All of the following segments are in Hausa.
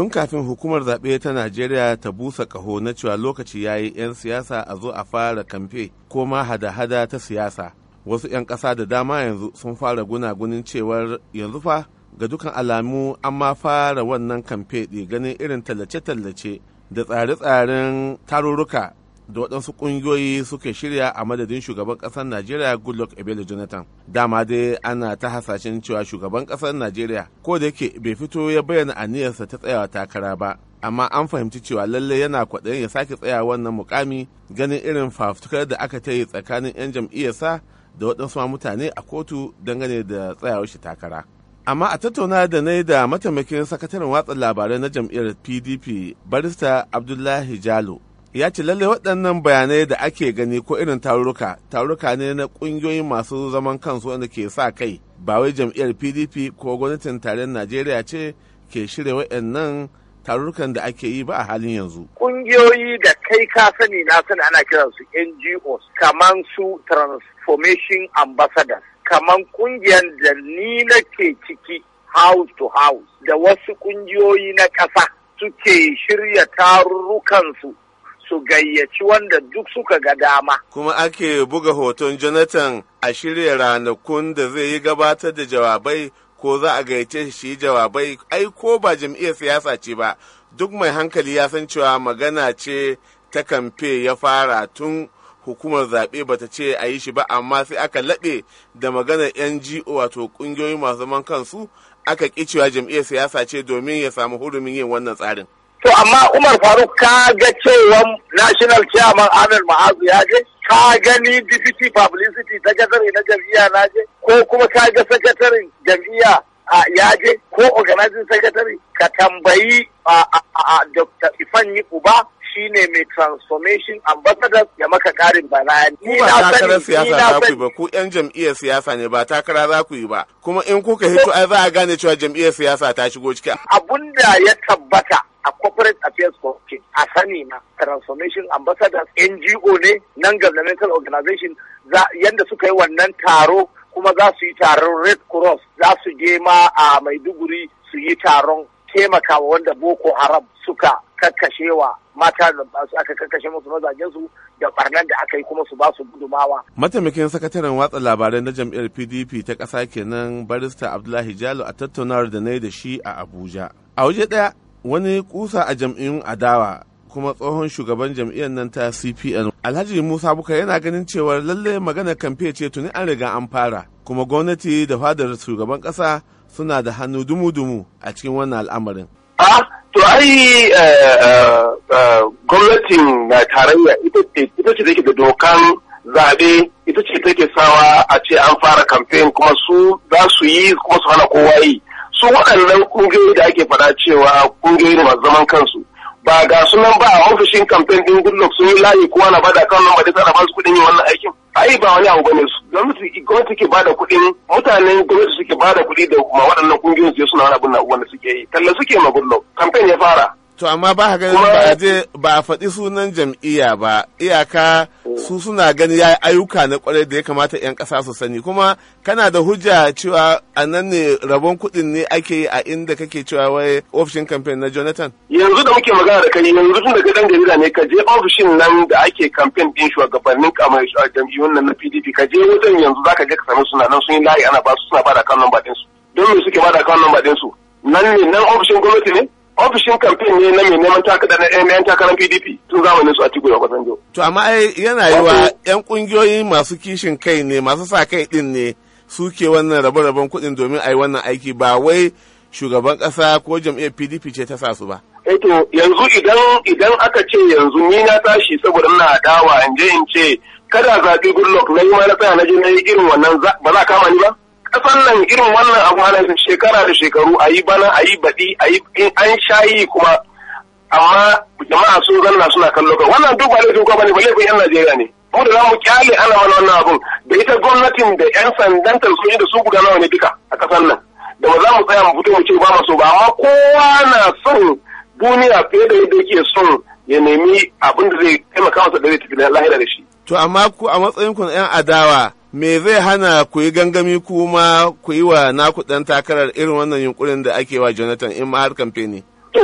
tun kafin hukumar zaɓe ta najeriya ta busa ƙaho na cewa lokaci ya yi 'yan siyasa a zo a fara kamfe ko ma hada-hada ta siyasa wasu 'yan ƙasa da dama yanzu sun fara gunagunin cewar yanzu fa ga dukan alamu an ma fara wannan kamfe ɗi ganin irin tallace-tallace da tsare-tsaren tarurruka da waɗansu ƙungiyoyi suke shirya a madadin shugaban ƙasar najeriya goodluck ebele jonathan dama dai ana ta hasashen cewa shugaban ƙasar najeriya ko da yake bai fito ya bayyana aniyarsa ta tsayawa takara ba amma an fahimci cewa lallai yana kwaɗayin ya sake tsaya wannan mukami ganin irin fafutukar da aka ta yi tsakanin 'yan jam'iyyarsa da waɗansu ma mutane a kotu dangane da tsayawar shi takara amma a tattauna da na da mataimakin sakataren watsa labarai na jam'iyyar pdp barista abdullahi jalo ya ce lalle waɗannan bayanai da ake gani ko irin taruruka taruruka ne na ƙungiyoyin masu zaman kansu wanda ke sa kai ba wai jam'iyyar pdp ko gwamnatin tarayyar najeriya ce ke shirya waɗannan tarurrukan da ake yi ba a halin yanzu ƙungiyoyi da kai ka sani na sani ana kiransu ngos kamar su transformation ambassadors kamar ƙungiyar da ni nake ciki house to house da wasu ƙungiyoyi na ƙasa suke shirya tarurrukansu su gayyaci wanda duk suka ga dama. Kuma ake buga hoton Jonathan a shirya ranakun da zai yi gabatar da jawabai ko za a gayyace shi jawabai ai ko ba jam'iyyar siyasa ce ba duk mai hankali ya san cewa magana ce ta kamfe ya fara tun hukumar zaɓe bata ce a yi shi ba amma sai aka laɓe da maganar NGO wato ƙungiyoyi masu zaman kansu aka ƙi cewa jam'iyyar siyasa ce domin ya samu hurumin yin wannan tsarin. To amma Umar Faruk ka ga cewa National Chairman Ahmed Mahazu ya je? Ka gani Deputy Publicity ta Secretary na jam'iyya na je? Ko kuma ka ga sakatarin jam'iyya a ya je? Ko Organizing Secretary? Ka tambayi a Dr. Ifanyi Uba shi ne mai transformation ambassador ya maka karin bayani. Ku ba takarar siyasa za ku yi ba, ku 'yan jam'iyyar siyasa ne ba takara za ku yi ba. Kuma in kuka hito ai za a gane cewa jam'iyyar siyasa ta shigo ciki. Abun da ya tabbata a corporate affairs committee a sani na transformation ambassadors ngo ne non governmental organization yadda suka yi wannan taro kuma za su yi taron red cross za su je ma a maiduguri su yi taron taimakawa wanda boko haram suka kakkashewa mata da aka kakkashe musu mazajensu da barnar da aka yi kuma su ba su gudumawa. Mataimakin sakataren watsa labarai na jam'iyyar PDP ta ƙasa kenan barista Abdullahi Jalo a tattaunawar da na yi da shi a Abuja. A waje ɗaya wani kusa a jam'iyyun adawa kuma tsohon shugaban jam'iyyar nan ta cpn alhaji musa buka yana ganin cewar lallai magana kamfe ce tuni an riga an fara kuma gwamnati da fadar shugaban kasa suna da hannu dumu-dumu a cikin wannan al'amarin to ai eh, eh, eh, gwamnatin tarayya ita ce take da dokan zaɓe ita ce take sawa a ce an fara kamfen kuma su za su yi kuma su hana kowa yi su waɗannan ƙungiyoyi da ake faɗa cewa ƙungiyoyi ne masu zaman kansu ba ga sunan ba a ofishin kamfen ɗin Goodluck sun yi layi kowa na bada kan nan ba da tsara ba kuɗin yin wannan aikin ai ba wani abu bane su gwamnati gwamnati ke bada kuɗin mutanen gwamnati suke bada kuɗi da ma waɗannan ƙungiyoyin su suna wani abin da suke yi talla suke ma Goodluck kamfen ya fara To amma ba ka ganin ba je ba a faɗi sunan jam'iyya ba iyaka su suna gani ya ayyuka na kwarai da ya kamata 'yan ƙasa su sani kuma kana da hujja cewa a nan ne rabon kuɗin ne ake yi a inda kake cewa wai ofishin kamfen na Jonathan? Yanzu da muke magana da kai yanzu tun da dan jarida ne ka je ofishin nan da ake kamfen ɗin shugabannin kamar jam'iyyun nan na PDP ka je wajen yanzu za ka je ka sami suna nan sun yi layi ana ba su suna ba da kan lamba ɗinsu. Don me suke ba da kan lamba ɗinsu? Nan ne nan ofishin gwamnati ne? ofishin kamfen ne na mai neman takada na yan takarar PDP tun zamanin su a Tiku da To amma ai yana yi wa yan kungiyoyi masu kishin kai ne masu sa kai din ne suke wannan rabe-raben kuɗi domin a wannan aiki ba wai shugaban kasa ko jam'iyyar PDP ce ta sa su ba. Eh to yanzu idan idan aka ce yanzu ni na tashi saboda ina dawa in je in ce kada zaɓi Goodluck na yi ma na tsaya na je na yi irin wannan ba za kama ni ba. kasan nan irin wannan abu ana shekara da shekaru a yi bana a yi baɗi a yi in an shayi kuma amma jama'a sun zanna suna kallo kan wannan duk ba laifin gwamnati ba laifin yan Najeriya ne mu da zamu kyale ana mana wannan abun da ita gwamnatin da yan sandan yi da su guda nawa ne duka a kasan nan da ba za mu tsaya mu fito mu ce ba mu so ba amma kowa na son duniya fiye da yadda yake son ya nemi abin da zai taimaka masa da zai tafi lahira da shi to amma ku a matsayin ku na yan adawa me zai hana ku yi gangami kuma ku yi wa nakuɗan takarar irin wannan yunkurin da ake wa Jonathan in ma'ar har kamfe ne? To,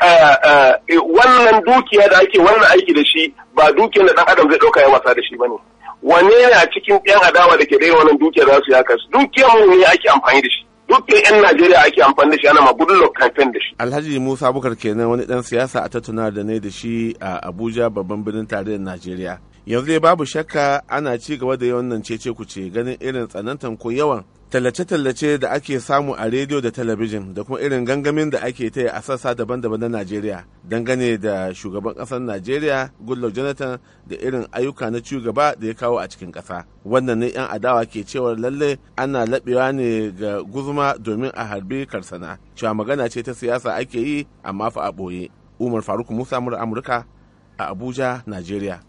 e, wannan dukiya da ake wannan aiki da shi ba dukiyar da ɗan adam zai ɗauka ya wasa da shi ba ne. Wane yana cikin ɗan adawa da ke da wannan dukiyar za su yi haka? Dukiyar mu ne ake amfani da shi. dukiyar 'yan Najeriya ake amfani da shi ana magudullo kamfen da shi. Alhaji Musa Bukar kenan wani ɗan siyasa a tattauna da ne da shi a Abuja babban birnin tarayyar Najeriya. yanzu dai babu shakka ana ci gaba da wannan cece ce ganin irin tsanantan ko yawan tallace-tallace da ake samu a rediyo da talabijin da kuma irin gangamin da ake ta a sassa daban-daban na najeriya dangane da shugaban ƙasar najeriya goodluck jonathan da irin ayyuka na ci gaba da ya kawo a cikin ƙasa wannan ne 'yan adawa ke cewar lalle ana laɓewa ne ga guzuma domin a harbi karsana cewa magana ce ta siyasa ake yi amma fa a ɓoye umar faruk musa mura amurka a abuja najeriya